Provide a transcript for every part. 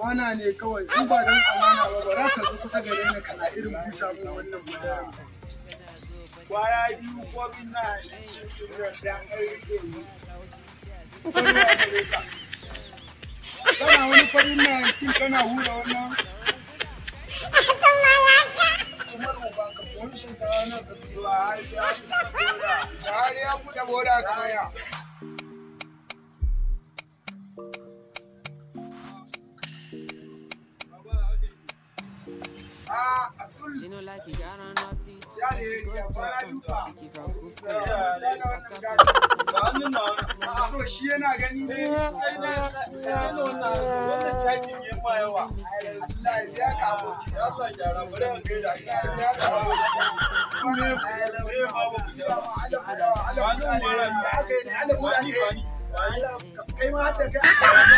amana ne kawai in ba don amana ba ba za ka zo kusa gare ni kana irin busha mu wannan madara kwaya biyu ko minna da ɗan rike ni kana wani farin na yankin kana hura wannan kuma roba ka kuwa shinkawa na ka biyu a har ya buɗe boda kamar ya A'a, no like it, I don't ya tea. And she go to town, kick ya cuckoo. I she yana ya ne na wannan takin yin ya ka ya zo gyara bare mu gaida ya ka aboki ne ne ba mu shi Allah Allah Allah Allah Allah Allah Allah Allah Allah Allah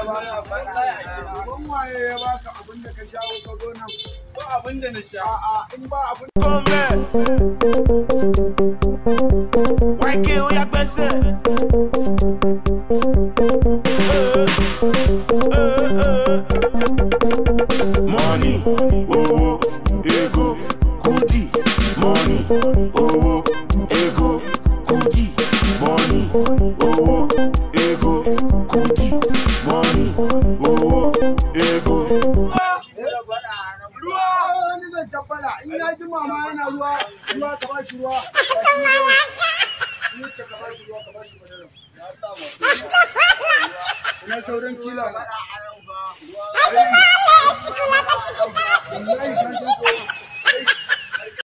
ya baka wallahi ya baka abin da ka shawo eh, eh, eh, money owó ego kudi money oh, ego kudi money oh, ego cabbala in ya ji mama yana ruwa ruwa ka bashi ruwa ka bashi ruwa ka ba ci kuma ka